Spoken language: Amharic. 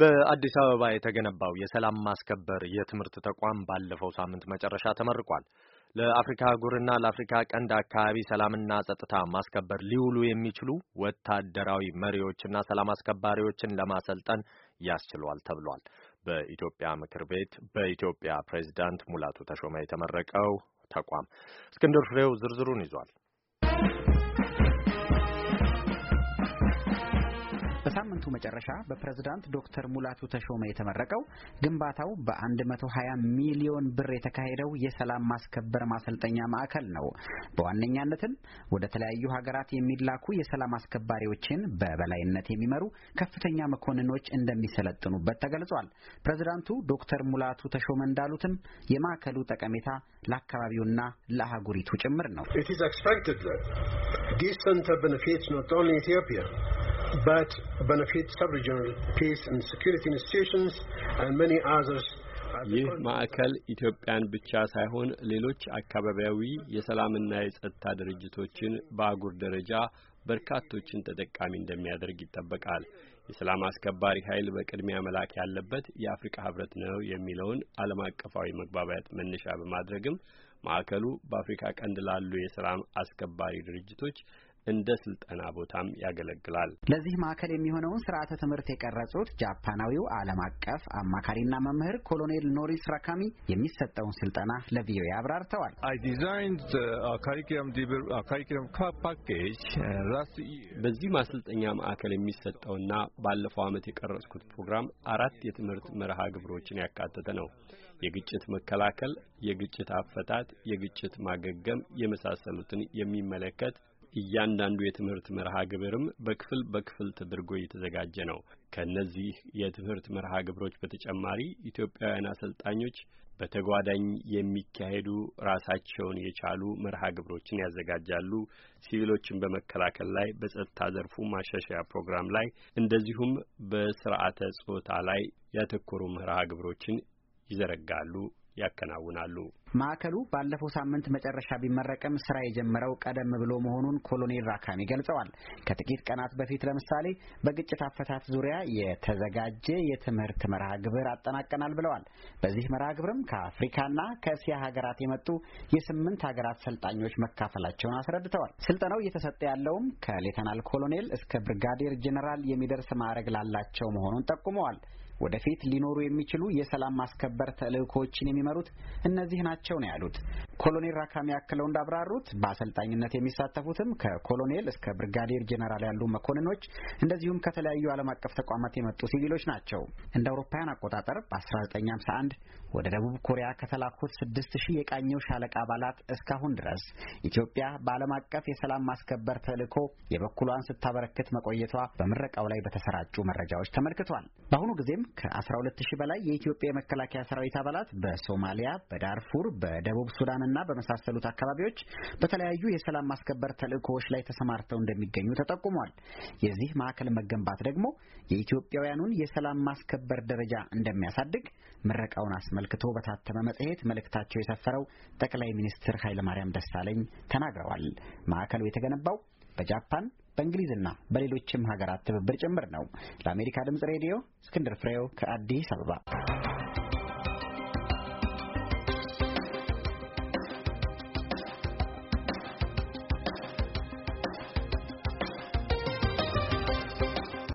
በአዲስ አበባ የተገነባው የሰላም ማስከበር የትምህርት ተቋም ባለፈው ሳምንት መጨረሻ ተመርቋል። ለአፍሪካ አህጉርና ለአፍሪካ ቀንድ አካባቢ ሰላምና ጸጥታ ማስከበር ሊውሉ የሚችሉ ወታደራዊ መሪዎችና ሰላም አስከባሪዎችን ለማሰልጠን ያስችሏል ተብሏል። በኢትዮጵያ ምክር ቤት በኢትዮጵያ ፕሬዝዳንት ሙላቱ ተሾመ የተመረቀው ተቋም እስክንድር ፍሬው ዝርዝሩን ይዟል። በሳምንቱ መጨረሻ በፕሬዝዳንት ዶክተር ሙላቱ ተሾመ የተመረቀው ግንባታው በ120 ሚሊዮን ብር የተካሄደው የሰላም ማስከበር ማሰልጠኛ ማዕከል ነው። በዋነኛነትም ወደ ተለያዩ ሀገራት የሚላኩ የሰላም አስከባሪዎችን በበላይነት የሚመሩ ከፍተኛ መኮንኖች እንደሚሰለጥኑበት ተገልጿል። ፕሬዝዳንቱ ዶክተር ሙላቱ ተሾመ እንዳሉትም የማዕከሉ ጠቀሜታ ለአካባቢውና ለአህጉሪቱ ጭምር ነው። but benefit sub-regional peace and security institutions and many others. ይህ ማዕከል ኢትዮጵያን ብቻ ሳይሆን ሌሎች አካባቢያዊ የሰላምና የጸጥታ ድርጅቶችን በአጉር ደረጃ በርካቶችን ተጠቃሚ እንደሚያደርግ ይጠበቃል። የሰላም አስከባሪ ኃይል በቅድሚያ መላክ ያለበት የአፍሪካ ህብረት ነው የሚለውን ዓለም አቀፋዊ መግባባት መነሻ በማድረግም ማዕከሉ በአፍሪካ ቀንድ ላሉ የሰላም አስከባሪ ድርጅቶች እንደ ስልጠና ቦታም ያገለግላል። ለዚህ ማዕከል የሚሆነውን ስርዓተ ትምህርት የቀረጹት ጃፓናዊው ዓለም አቀፍ አማካሪና መምህር ኮሎኔል ኖሪስ ራካሚ የሚሰጠውን ስልጠና ለቪኦኤ አብራርተዋል። uh, uh, uh, በዚህ ማሰልጠኛ ማዕከል የሚሰጠውና ባለፈው ዓመት የቀረጽኩት ፕሮግራም አራት የትምህርት መርሃ ግብሮችን ያካተተ ነው። የግጭት መከላከል፣ የግጭት አፈታት፣ የግጭት ማገገም የመሳሰሉትን የሚመለከት እያንዳንዱ የትምህርት መርሃ ግብርም በክፍል በክፍል ተደርጎ እየተዘጋጀ ነው። ከእነዚህ የትምህርት መርሃ ግብሮች በተጨማሪ ኢትዮጵያውያን አሰልጣኞች በተጓዳኝ የሚካሄዱ ራሳቸውን የቻሉ መርሃ ግብሮችን ያዘጋጃሉ። ሲቪሎችን በመከላከል ላይ፣ በጸጥታ ዘርፉ ማሻሻያ ፕሮግራም ላይ እንደዚሁም በስርዓተ ጾታ ላይ ያተኮሩ መርሃ ግብሮችን ይዘረጋሉ ያከናውናሉ። ማዕከሉ ባለፈው ሳምንት መጨረሻ ቢመረቅም ስራ የጀመረው ቀደም ብሎ መሆኑን ኮሎኔል ራካሚ ገልጸዋል። ከጥቂት ቀናት በፊት ለምሳሌ በግጭት አፈታት ዙሪያ የተዘጋጀ የትምህርት መርሃ ግብር አጠናቀናል ብለዋል። በዚህ መርሃ ግብርም ከአፍሪካና ከእስያ ሀገራት የመጡ የስምንት ሀገራት ሰልጣኞች መካፈላቸውን አስረድተዋል። ስልጠናው እየተሰጠ ያለውም ከሌተናል ኮሎኔል እስከ ብርጋዴር ጄኔራል የሚደርስ ማዕረግ ላላቸው መሆኑን ጠቁመዋል። ወደፊት ሊኖሩ የሚችሉ የሰላም ማስከበር ተልእኮዎችን የሚመሩት እነዚህ ናቸው ነው ያሉት። ኮሎኔል ራካሚ ያክለው እንዳብራሩት በአሰልጣኝነት የሚሳተፉትም ከኮሎኔል እስከ ብርጋዴር ጄኔራል ያሉ መኮንኖች እንደዚሁም ከተለያዩ ዓለም አቀፍ ተቋማት የመጡ ሲቪሎች ናቸው። እንደ አውሮፓውያን አቆጣጠር በ1951 ወደ ደቡብ ኮሪያ ከተላኩት 6000 የቃኘው ሻለቃ አባላት እስካሁን ድረስ ኢትዮጵያ በዓለም አቀፍ የሰላም ማስከበር ተልእኮ የበኩሏን ስታበረክት መቆየቷ በምረቃው ላይ በተሰራጩ መረጃዎች ተመልክቷል። በአሁኑ ጊዜም ከ 12000 ሺህ በላይ የኢትዮጵያ የመከላከያ ሰራዊት አባላት በሶማሊያ፣ በዳርፉር፣ በደቡብ ሱዳን እና በመሳሰሉት አካባቢዎች በተለያዩ የሰላም ማስከበር ተልዕኮዎች ላይ ተሰማርተው እንደሚገኙ ተጠቁሟል። የዚህ ማዕከል መገንባት ደግሞ የኢትዮጵያውያኑን የሰላም ማስከበር ደረጃ እንደሚያሳድግ ምረቃውን አስመልክቶ በታተመ መጽሔት መልእክታቸው የሰፈረው ጠቅላይ ሚኒስትር ኃይለማርያም ደሳለኝ ተናግረዋል። ማዕከሉ የተገነባው በጃፓን በእንግሊዝና በሌሎችም ሀገራት ትብብር ጭምር ነው። ለአሜሪካ ድምፅ ሬዲዮ እስክንድር ፍሬው ከአዲስ አበባ